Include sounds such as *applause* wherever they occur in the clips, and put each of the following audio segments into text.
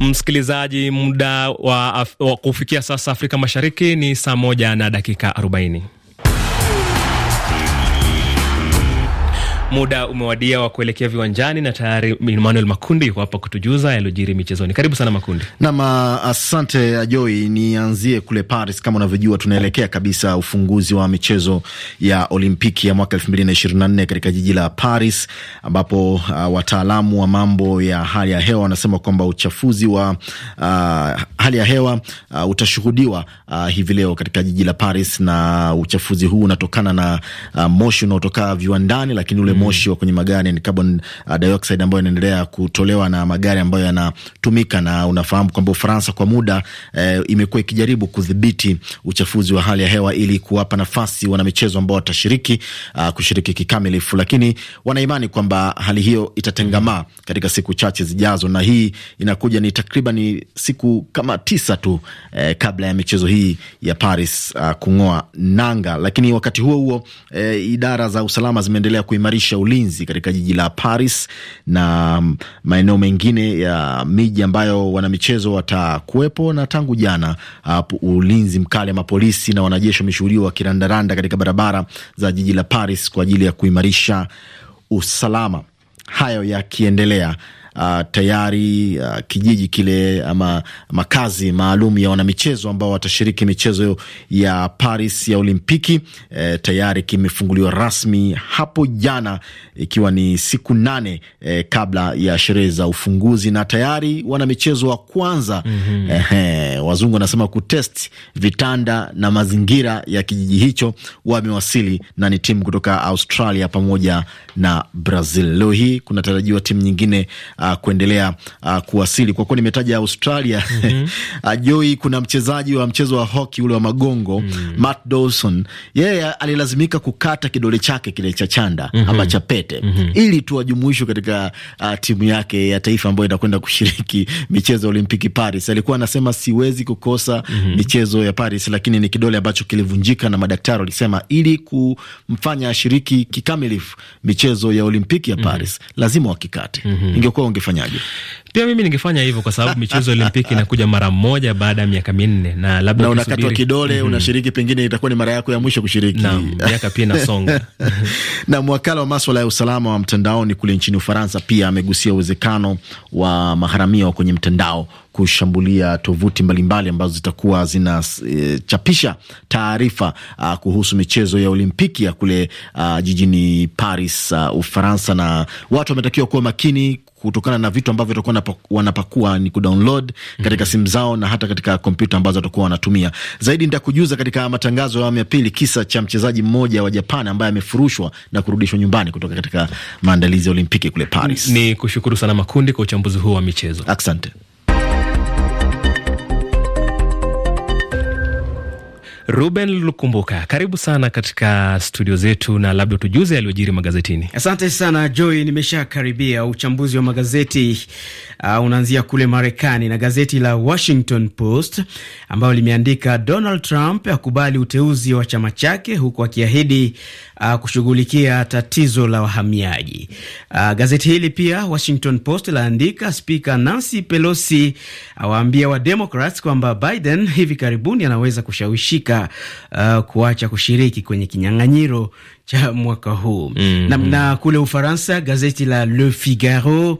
Msikilizaji, muda wa, wa kufikia sasa Afrika Mashariki ni saa moja na dakika arobaini. Muda umewadia wa kuelekea viwanjani na tayari Emmanuel Makundi yuko hapa kutujuza yaliyojiri michezoni. Karibu sana Makundi. Nam, uh, asante Ajoi. Uh, Nianzie kule Paris. Kama unavyojua, tunaelekea kabisa ufunguzi wa michezo ya Olimpiki ya mwaka elfu mbili na ishirini na nne katika jiji la Paris, ambapo uh, wataalamu wa mambo ya hali ya hewa wanasema kwamba uchafuzi wa uh, hali ya hewa uh, utashuhudiwa uh, hivi leo katika jiji la Paris, na uchafuzi huu unatokana na uh, moshi unaotoka viwandani, lakini ule mm moshi wa kwenye magari ni carbon uh, dioxide ambayo inaendelea kutolewa na magari ambayo yanatumika, na unafahamu kwamba Ufaransa kwa muda eh, imekuwa ikijaribu kudhibiti uchafuzi wa hali ya hewa ili kuwapa nafasi wanamichezo ambao watashiriki uh, kushiriki kikamilifu, lakini wanaimani kwamba hali hiyo itatengamaa katika siku chache zijazo, na hii inakuja ni takriban siku kama tisa tu eh, kabla ya michezo hii ya Paris uh, kung'oa nanga. Lakini wakati huo huo eh, idara za usalama zimeendelea kuimarisha kuimarisha ulinzi katika jiji la Paris na mm, maeneo mengine ya miji ambayo wanamichezo watakuwepo. Na tangu jana uh, ulinzi mkali ama polisi na wanajeshi wameshuhudiwa wakirandaranda katika barabara za jiji la Paris kwa ajili ya kuimarisha usalama. Hayo yakiendelea uh, tayari uh, kijiji kile ama makazi maalum ya wanamichezo ambao watashiriki michezo ya Paris ya Olimpiki e, tayari kimefunguliwa rasmi hapo jana, ikiwa ni siku nane e, kabla ya sherehe za ufunguzi, na tayari wanamichezo wa kwanza mm -hmm. Ehe, wazungu wanasema kutest vitanda na mazingira ya kijiji hicho wamewasili, na ni timu kutoka Australia pamoja na Brazil. Leo hii kunatarajiwa timu nyingine uh, uh, kuendelea uh, kuwasili. Kwa kuwa nimetaja Australia mm -hmm. *laughs* Joi, kuna mchezaji wa mchezo wa hoki ule wa magongo mm -hmm. Matt Dawson, yeye alilazimika kukata kidole chake kile cha chanda mm -hmm. ama cha pete mm -hmm. ili tu ajumuishwe katika uh, timu yake ya taifa ambayo inakwenda kushiriki *laughs* michezo ya Olimpiki Paris. Alikuwa anasema siwezi kukosa mm -hmm. michezo ya Paris, lakini ni kidole ambacho kilivunjika, na madaktari walisema ili kumfanya ashiriki kikamilifu michezo ya Olimpiki ya mhm. Paris mm -hmm. lazima wakikate mm -hmm. ingekuwa ufanyaje? Pia mimi ningefanya hivyo kwa sababu michezo Olimpiki inakuja mara moja baada ya miaka minne na labda unakatwa kidole mm -hmm. Unashiriki pengine itakuwa ni mara yako ya mwisho kushiriki na miaka pia inasonga. *laughs* Na mwakala wa maswala ya usalama wa mtandaoni kule nchini Ufaransa pia amegusia uwezekano wa maharamia wa kwenye mtandao kushambulia tovuti mbalimbali ambazo zitakuwa zinachapisha e, taarifa kuhusu michezo ya Olimpiki ya kule a, jijini Paris a, Ufaransa, na watu wametakiwa kuwa makini kutokana na vitu ambavyo vitakuwa wanapakua ni kudownload katika mm -hmm. simu zao na hata katika kompyuta ambazo watakuwa wanatumia. Zaidi nitakujuza katika matangazo ya awamu ya pili kisa cha mchezaji mmoja wa Japan ambaye amefurushwa na kurudishwa nyumbani kutoka katika maandalizi ya Olimpiki kule Paris. Ni kushukuru sana Makundi kwa uchambuzi huu wa michezo, asante. Ruben Lukumbuka, karibu sana katika studio zetu, na labda tujuze yaliyojiri magazetini. Asante sana Joy, nimeshakaribia uchambuzi wa magazeti uh, unaanzia kule Marekani na gazeti la Washington Post ambayo limeandika Donald Trump akubali uteuzi wa chama chake huku akiahidi uh, kushughulikia tatizo la wahamiaji. Uh, gazeti hili pia Washington Post laandika spika Nancy Pelosi awaambia wa Democrats kwamba Biden hivi karibuni anaweza kushawishika uh, kuacha kushiriki kwenye kinyang'anyiro cha mwaka huu. mm -hmm. Na, na kule Ufaransa gazeti la Le Figaro uh,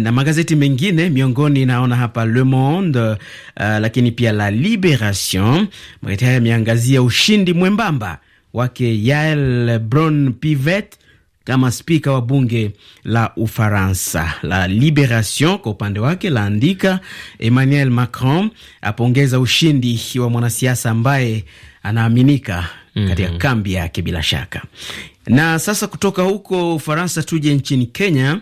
na magazeti mengine miongoni naona hapa Le Monde uh, lakini pia la Liberation. Magazeti haya yameangazia ushindi mwembamba wake Yael Bron Pivet kama spika wa bunge la Ufaransa. La Liberation kwa upande wake laandika, Emmanuel Macron apongeza ushindi wa mwanasiasa ambaye anaaminika mm -hmm. katika kambi yake bila shaka. Na sasa kutoka huko Ufaransa tuje nchini Kenya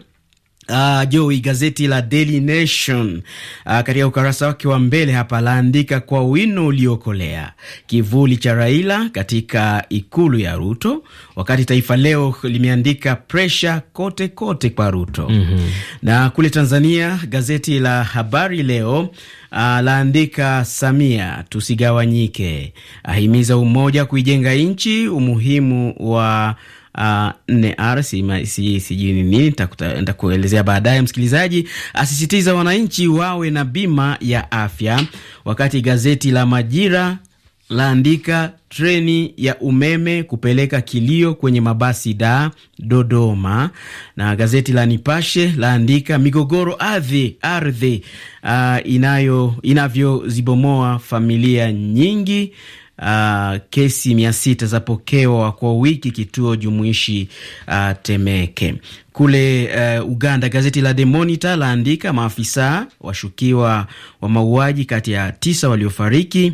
Uh, ah, Joey, gazeti la Daily Nation uh, katika ukurasa wake wa mbele hapa laandika kwa wino uliokolea kivuli cha Raila katika ikulu ya Ruto, wakati Taifa Leo limeandika presha kote kote kwa Ruto. mm -hmm. Na kule Tanzania gazeti la Habari Leo uh, laandika Samia tusigawanyike, ahimiza umoja kuijenga nchi, umuhimu wa 4 uh, sijui ni nini, ntakuelezea baadaye. Msikilizaji asisitiza wananchi wawe na bima ya afya, wakati gazeti la Majira laandika treni ya umeme kupeleka kilio kwenye mabasi da Dodoma, na gazeti la Nipashe laandika migogoro ardhi ardhi, uh, inayo inavyozibomoa familia nyingi uh, kesi mia sita zapokewa kwa wiki kituo jumuishi uh, Temeke kule uh, Uganda. Gazeti la The Monitor laandika maafisa washukiwa wa mauaji kati ya tisa waliofariki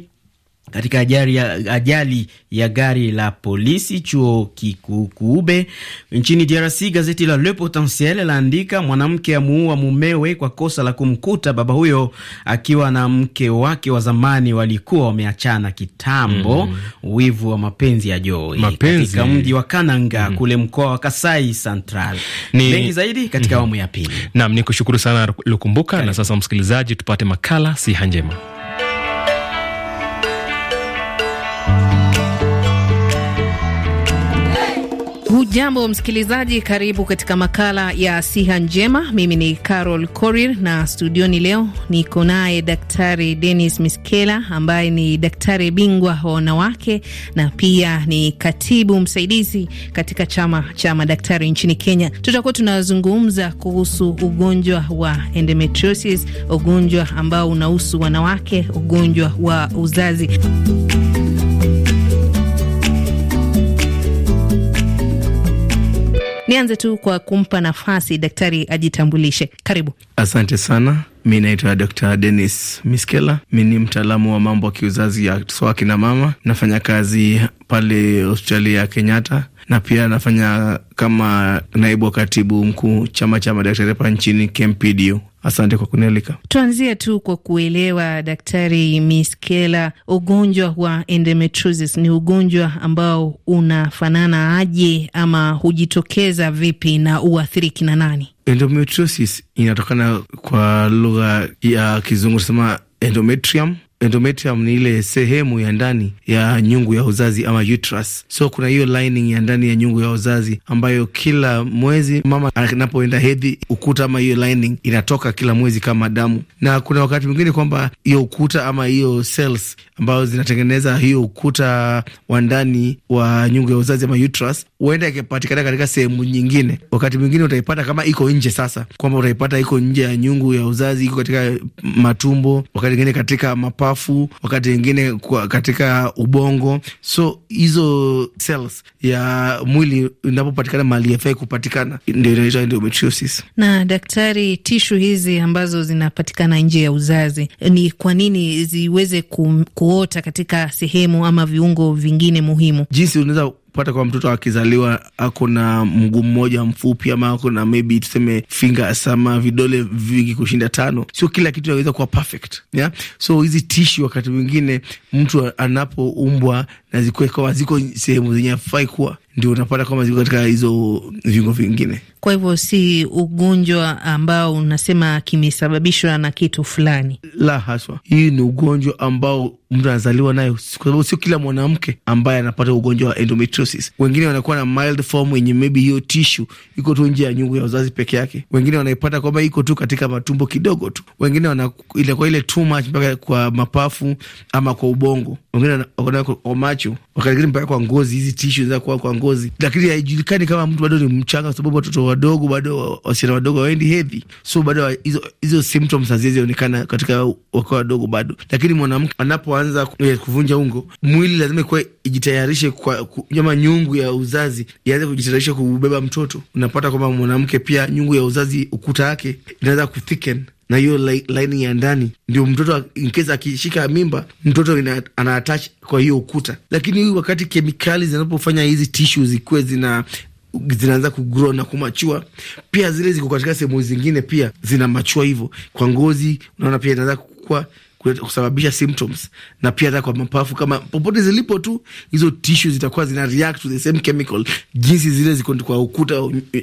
katika ajali ya, ajali ya gari la polisi chuo kikuu Kuube nchini DRC. Gazeti la Le Potentiel laandika mwanamke amuua mumewe kwa kosa la kumkuta baba huyo akiwa na mke wake wa zamani, walikuwa wameachana kitambo. mm -hmm. Wivu wa mapenzi ya Joi katika mji wa Kananga mm -hmm. kule mkoa wa Kasai Central. Ni mengi zaidi katika mm-hmm. awamu mm -hmm. ya pili. Naam, ni kushukuru sana Lukumbuka Kari. Na sasa msikilizaji, tupate makala siha njema Jambo msikilizaji, karibu katika makala ya siha njema. Mimi ni Carol Korir na studioni leo niko naye Daktari Denis Miskela ambaye ni daktari bingwa wa wanawake na pia ni katibu msaidizi katika chama cha madaktari nchini Kenya. Tutakuwa tunazungumza kuhusu ugonjwa wa endometriosis, ugonjwa ambao unahusu wanawake, ugonjwa wa uzazi Nianze tu kwa kumpa nafasi daktari ajitambulishe. Karibu. Asante sana. Mi naitwa Dr Denis Miskela, mi ni mtaalamu wa mambo ya kiuzazi ya swa kina mama. Nafanya kazi pale hospitali ya Kenyatta na pia nafanya kama naibu wa katibu mkuu chama cha madaktari hapa nchini KMPDU. Asante kwa kunialika. Tuanzie tu kwa kuelewa, Daktari Miskela, ugonjwa wa endometriosis ni ugonjwa ambao unafanana aje ama hujitokeza vipi na uathiriki na nani? Endometriosis inatokana kwa lugha ya Kizungu sema endometrium endometrium ni ile sehemu ya ndani ya nyungu ya uzazi ama uterus. So kuna hiyo lining ya ndani ya nyungu ya uzazi ambayo kila mwezi mama anapoenda hedhi, ukuta ama hiyo lining inatoka kila mwezi kama damu, na kuna wakati mwingine kwamba hiyo ukuta ama hiyo cells ambayo zinatengeneza hiyo ukuta wa ndani wa nyungu ya uzazi ama uterus huenda ikapatikana katika sehemu nyingine. Wakati mwingine utaipata kama iko nje, sasa kwamba utaipata iko nje ya nyungu ya uzazi, iko katika matumbo, wakati mwingine katika mapa mapafu, wakati wengine katika ubongo. So hizo cells ya mwili inapopatikana mahali yafai kupatikana, ndio inaitwa endometriosis. Na daktari, tishu hizi ambazo zinapatikana nje ya uzazi, ni kwa nini ziweze ku, kuota katika sehemu ama viungo vingine muhimu? Jinsi unaweza kupata kwa mtoto akizaliwa ako na mguu mmoja mfupi ama ako na maybe tuseme finger sama vidole vingi kushinda tano, sio kila kitu inaweza kuwa perfect yeah? So hizi tishi wakati mwingine mtu anapoumbwa na ziko kama ziko sehemu zenye afai kuwa ndio unapata kwamba ziko katika hizo viungo vingine. Kwa hivyo si ugonjwa ambao unasema kimesababishwa na kitu fulani, la haswa. Hii ni ugonjwa ambao mtu anazaliwa nayo, kwa sababu sio kila mwanamke ambaye anapata ugonjwa wa endometriosis. Wengine wanakuwa na mild form yenye maybe hiyo tishu iko tu nje ya nyungu ya uzazi peke yake, wengine wanaipata kwamba iko tu katika matumbo kidogo tu, wengine inakuwa ile too much mpaka kwa mapafu ama kwa ubongo, wengine kwa macho, wakati mwingine mpaka kwa ngozi. Hizi tishu zinaweza kwa ngozi ngozi, lakini haijulikani kama mtu bado ni mchanga, sababu watoto wadogo bado, wasichana wadogo hawaendi hedhi, so bado hizo symptoms haziezaonekana katika wakiwa wadogo bado. Lakini mwanamke anapoanza eh, kuvunja ungo, mwili lazima kuwa ijitayarishe kwa nyama, nyungu ya uzazi ianze kujitayarisha kubeba mtoto. Unapata kwamba mwanamke pia nyungu ya uzazi, ukuta wake inaweza kuthicken na hiyo laini ya ndani ndio mtoto inkesa akishika mimba mtoto ana attach kwa hiyo ukuta, lakini wakati kemikali zinapofanya hizi tishu zikuwe zina zinaanza kugrow na kumachua, pia zile ziko katika sehemu zingine pia zinamachua hivyo, kwa ngozi unaona pia inaanza kukua kusababisha symptoms na pia hata kwa mapafu, kama popote zilipo tu hizo tishu zitakuwa zina react to the same chemical, jinsi zile ziko kwa ukuta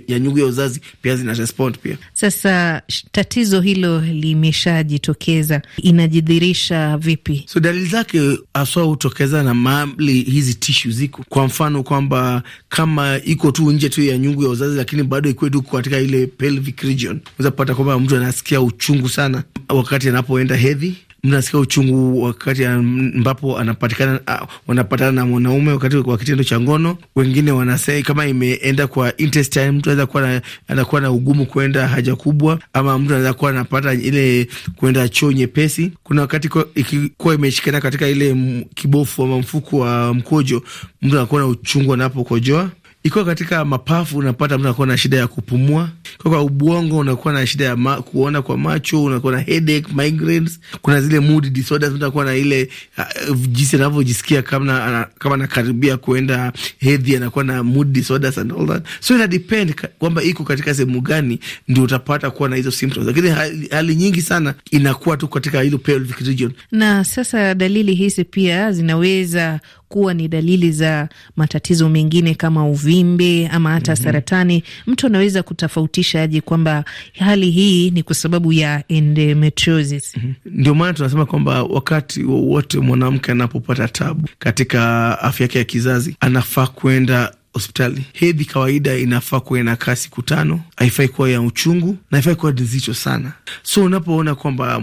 ya nyungu ya uzazi pia zina respond pia. Sasa tatizo hilo limeshajitokeza, inajidhirisha vipi? So dalili zake haswa hutokeza na mali hizi tishu ziko, kwa mfano kwamba kama iko tu nje tu ya nyungu ya uzazi, lakini bado ikuwe tu katika ile pelvic region, unaweza pata kwamba mtu anasikia uchungu sana wakati anapoenda hedhi mnasikia uchungu wakati ambapo anapatikana wanapatana na mwanaume wakati wa kitendo cha ngono. Wengine wanasema kama imeenda kwa intestine, mtu anaweza kuwa anakuwa na ugumu kwenda haja kubwa, ama mtu anaweza kuwa anapata ile kwenda choo nyepesi. Kuna wakati ikikuwa imeshikana katika ile kibofu ama mfuko wa mkojo, mtu anakuwa na uchungu anapokojoa ikiwa katika mapafu unapata mtu anakuwa na shida ya kupumua, ikiwa kwa ubongo unakuwa na shida ya ma, kuona kwa macho, unakuwa na headache, migraines. Kuna zile mood disorders, mtu anakuwa na ile uh, uh jinsi anavyojisikia kama kama anakaribia kuenda hedhi, anakuwa na mood disorders and all that, so ina depend kwamba iko katika sehemu gani, ndio utapata kuwa na hizo symptoms, lakini hali, hali nyingi sana inakuwa tu katika hilo pelvic region. Na sasa dalili hizi pia zinaweza kuwa ni dalili za matatizo mengine kama uvimbe ama hata mm -hmm. saratani, mtu anaweza kutofautisha aje kwamba hali hii ni kwa sababu ya endometriosis? mm -hmm. Ndio maana tunasema kwamba wakati wowote mwanamke anapopata tabu katika afya yake ya kizazi anafaa kwenda hospitali. Hedhi kawaida inafaa kuwa na kaa siku tano, haifai kuwa ya uchungu na haifai kuwa nzito sana. So unapoona kwamba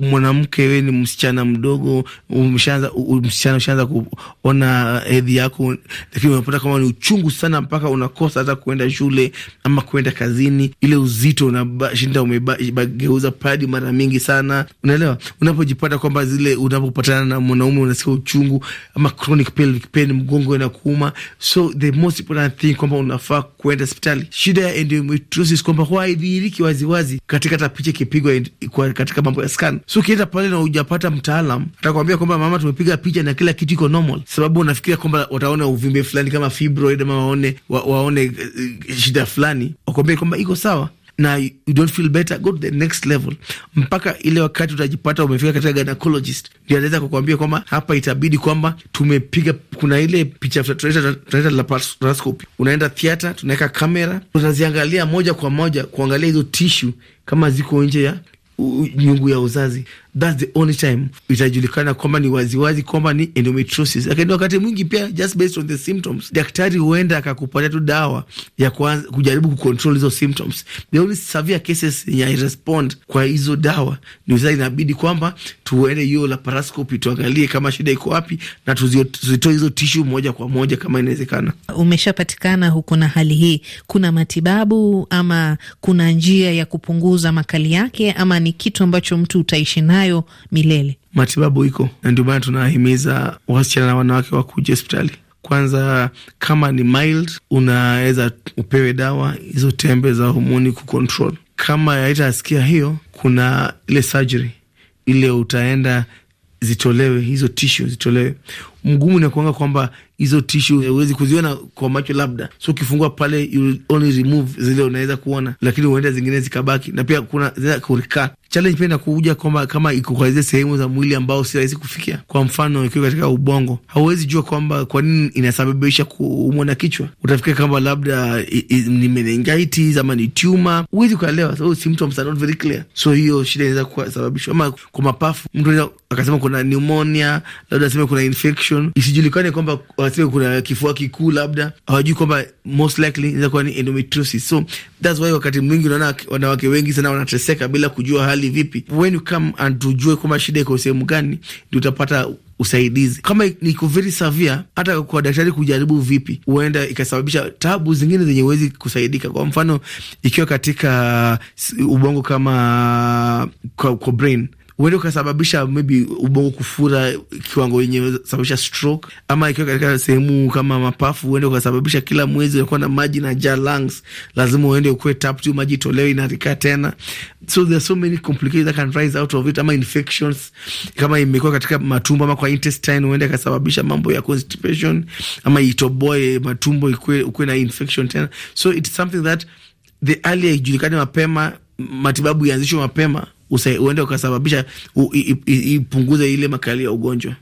mwanamke, wewe ni msichana mdogo, umeshaanza msichana, ushaanza kuona eh, hedhi yako, lakini unapata kama ni uchungu sana, mpaka unakosa hata kuenda shule ama kuenda kazini. Ile uzito unashinda umebageuza padi mara mingi sana, unaelewa. Unapojipata kwamba zile, unapopatana na mwanaume unasikia uchungu ama chronic pelvic pain, mgongo inakuuma. So the most important thing kwamba unafaa kuenda hospitali. Shida ya endometriosis kwamba haidhihiriki waziwazi katika hata picha ikipigwa katika mambo ya skana fulani. So ukienda pale na hujapata mtaalam, atakwambia kwamba mama, tumepiga picha na kila kitu iko normal, sababu unafikiria kwamba wataona uvimbe fulani kama fibroid ama waone, wa, waone uh, shida fulani, wakwambia kwamba iko sawa na you don't feel better, go to the next level, mpaka ile wakati utajipata umefika katika gynecologist, ndio anaweza kukuambia kwamba hapa itabidi kwamba tumepiga. Kuna ile picha tunaita laparoscopy, unaenda theater, tunaweka kamera, tunaziangalia moja kwa moja kuangalia hizo tishu kama ziko nje ya nyungu ya uzazi that's the only time itajulikana kwamba ni waziwazi kwamba ni endometriosis. Lakini wakati mwingi pia just based on the symptoms, daktari huenda akakupatia tu dawa ya kuanza kujaribu kucontrol hizo symptoms. The only severe cases yenye respond kwa hizo dawa ni sasa, inabidi kwamba tuende hiyo laparoscopy tuangalie kama shida iko wapi na tuzitoe hizo tishu moja kwa moja kama inawezekana. Umeshapatikana huko na hali hii, kuna matibabu ama kuna njia ya kupunguza makali yake ama ni kitu ambacho mtu utaishi naye nayo milele. Matibabu iko na ndio maana tunahimiza wasichana na wanawake wakuja hospitali kwanza. Kama ni mild, unaweza upewe dawa hizo tembe za homoni kucontrol. Kama haitasikia hiyo, kuna ile surgery ile utaenda zitolewe hizo tishu zitolewe. Mgumu ni kuanga kwamba hizo tishu huwezi kuziona kwa macho, labda so ukifungua pale you only remove zile unaweza kuona, lakini huenda zingine zikabaki, na pia kuna zina kurika challenge pia inakuja kwamba kama iko kwa zile sehemu za mwili ambao si rahisi kufikia. Kwa mfano, ikiwa katika ubongo, hauwezi jua kwamba kwa nini inasababisha kuumwa na kichwa. Utafikia kwamba labda ni meningitis ama ni tuma, huwezi ukaelewa, so symptoms are not very clear. So hiyo shida inaweza kusababishwa ama kwa mapafu, mtu akasema kuna pneumonia, labda aseme kuna infection isijulikane, kwamba aseme kuna kifua kikuu, labda hawajui kwamba most likely inaweza kuwa ni endometriosis. So that's why wakati mwingi unaona wanawake wengi sana wanateseka bila kujua hali hali vipi. When you come and tujue kwamba shida iko sehemu gani, ndio utapata usaidizi. Kama niko very severe, hata kwa daktari kujaribu vipi, huenda ikasababisha tabu zingine zenye huwezi kusaidika. Kwa mfano, ikiwa katika ubongo kama kwa, kwa brain uende ukasababisha maybe ubongo kufura kiwango yenye sababisha stroke, ama ikiwa katika sehemu kama mapafu uende ukasababisha kila mwezi unakuwa na maji na ja lungs, lazima uende ukuwe tap tu maji tolewe inarika tena. So there are so many complications that can rise out of it, ama infections kama imekuwa katika matumbo ama kwa intestine, uende kasababisha mambo ya constipation ama itoboe matumbo ikue, ukue na infection tena. So it's something that the earlier ijulikane mapema, matibabu ianzishwe mapema uende ukasababisha ipunguze ile makali ya ugonjwa.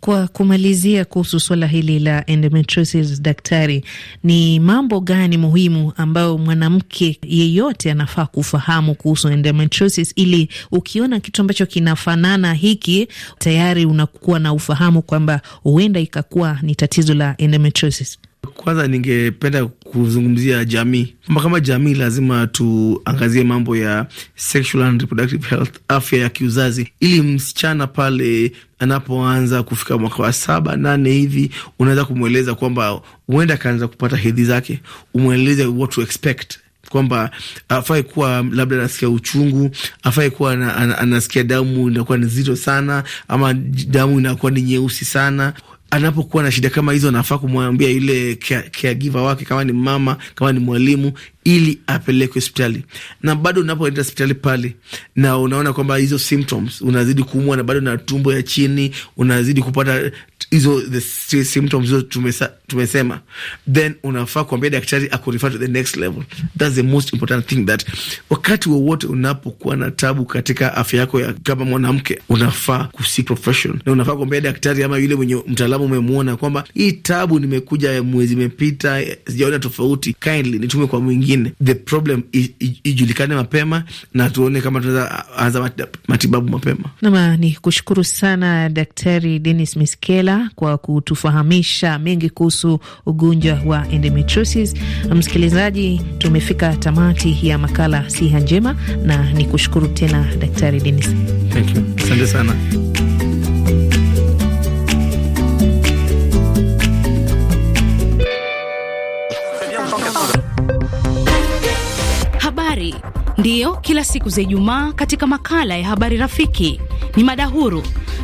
Kwa kumalizia, kuhusu suala hili la endometriosis, daktari, ni mambo gani muhimu ambayo mwanamke yeyote anafaa kufahamu kuhusu endometriosis, ili ukiona kitu ambacho kinafanana hiki, tayari unakuwa na ufahamu kwamba huenda ikakuwa ni tatizo la endometriosis? Kwanza ningependa kuzungumzia jamii, kwamba kama jamii lazima tuangazie mambo ya sexual and reproductive health, afya ya kiuzazi, ili msichana pale anapoanza kufika mwaka wa saba nane hivi, unaweza kumweleza kwamba huenda akaanza kupata hedhi zake, umweleze what to expect kwamba afai kuwa labda anasikia uchungu, afai kuwa anasikia damu inakuwa ni nzito sana, ama damu inakuwa ni nyeusi sana anapokuwa na shida kama hizo, anafaa kumwambia yule caregiver wake, kama ni mama, kama ni mwalimu, ili apelekwe hospitali. Na bado unapoenda hospitali pale na unaona kwamba hizo symptoms, unazidi kuumwa na bado na tumbo ya chini, unazidi kupata hizo the symptoms hizo tumesema, then unafaa kuambia daktari akurefer to the next level. That's the most important thing that wakati wowote unapokuwa na tabu katika afya yako ya kama mwanamke, unafaa kusi profession na unafaa kuambia daktari ama yule mwenye mtaalamu umemwona kwamba hii tabu nimekuja mwezi imepita, sijaona tofauti, kindly nitume kwa mwingine, the problem ijulikane mapema na tuone kama tunaweza anza matibabu mapema. Nama ni kushukuru sana Daktari Denis Miskela kwa kutufahamisha mengi kuhusu ugonjwa wa endometriosis. Msikilizaji, tumefika tamati ya makala Siha Njema na ni kushukuru tena Daktari Denis. Thank you. Asante sana. Habari ndiyo kila siku za Ijumaa katika makala ya Habari Rafiki ni mada huru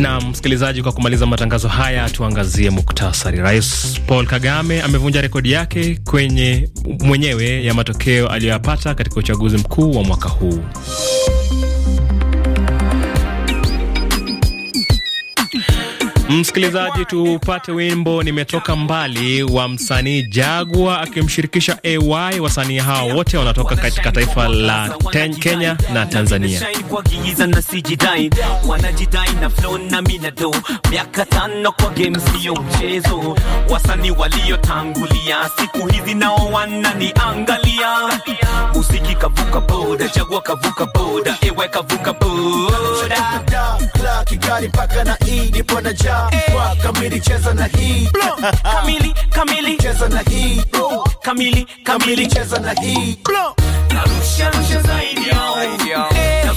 Na msikilizaji, kwa kumaliza matangazo haya, tuangazie muktasari. Rais Paul Kagame amevunja rekodi yake kwenye mwenyewe ya matokeo aliyoyapata katika uchaguzi mkuu wa mwaka huu. Msikilizaji, tupate wimbo nimetoka mbali wa msanii Jagwa akimshirikisha AY. Wasanii hao wote wanatoka katika taifa la ten, Kenya na Tanzania. Wasanii waliotangulia siku hizi nao wananiangalia, usiki kavuka boda, Jagwa kavuka boda, AY kavuka boda bla kamili cheza na hii kamili kamili cheza na hii kamili kamili cheza na hii narusha zaidi yao zaidi yao eh,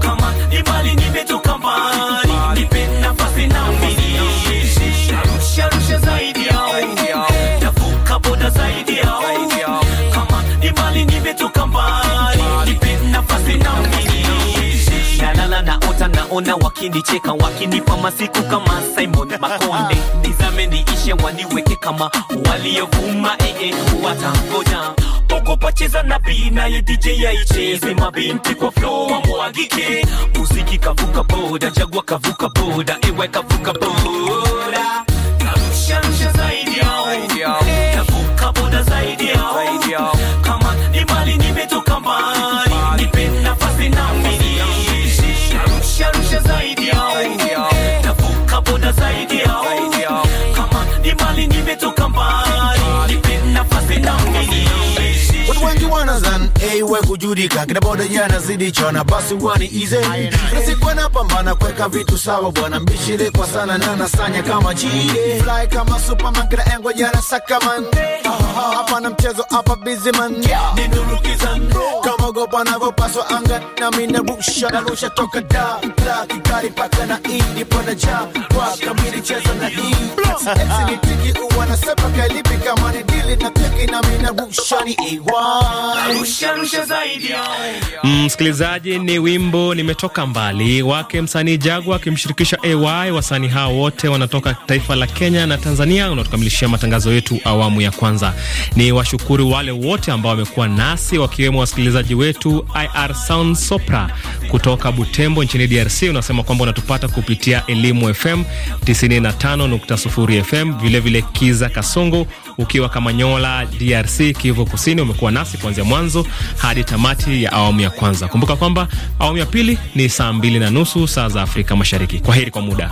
kama ni mali nikiwaona wakinicheka wakinipa masiku kama Simon Makonde, nizame niishe, waniweke kama waliovuma ee, watangoja pokopocheza na bi naye DJ yaicheze, mabinti kwa flow wa wamwagike, muziki kavuka boda, jagwa kavuka boda, ewe kavuka boda, kamshamsha zaidi yao, kavuka eh, boda zaidi yao, kama ni mali nimetoka mbali we kujudika, kina boda yana zidi chona, basi wani ize nasikuwa na pambana kweka vitu sawa, bwana mbishile kwa sana na nasanya kama chile fly kama Superman, kina engwa yana man hapa na mchezo hapa busy man yeah. ninurukizan kama gopa na gopa so anga na mina rusha na rusha toka da la kikari paka na indi pona ja kwa kamili chezo na hii MC ni tiki uwa na sepa kailipi kama ni dili na tiki mina rusha ni iwan rusha rusha Mm, msikilizaji, ni wimbo nimetoka mbali wake msanii Jagwa akimshirikisha AY. Wasanii hao wote wanatoka taifa la Kenya na Tanzania. Unatukamilishia matangazo yetu awamu ya kwanza. Ni washukuru wale wote ambao wamekuwa nasi, wakiwemo wasikilizaji wetu. IR Sound Sopra kutoka Butembo nchini DRC unasema kwamba unatupata kupitia Elimu FM 95.0 FM, vilevile vile Kiza Kasongo ukiwa Kamanyola, DRC, Kivu Kusini. Umekuwa nasi kuanzia mwanzo hadi tamati ya awamu ya kwanza. Kumbuka kwamba awamu ya pili ni saa mbili na nusu saa za Afrika Mashariki. Kwa heri kwa muda.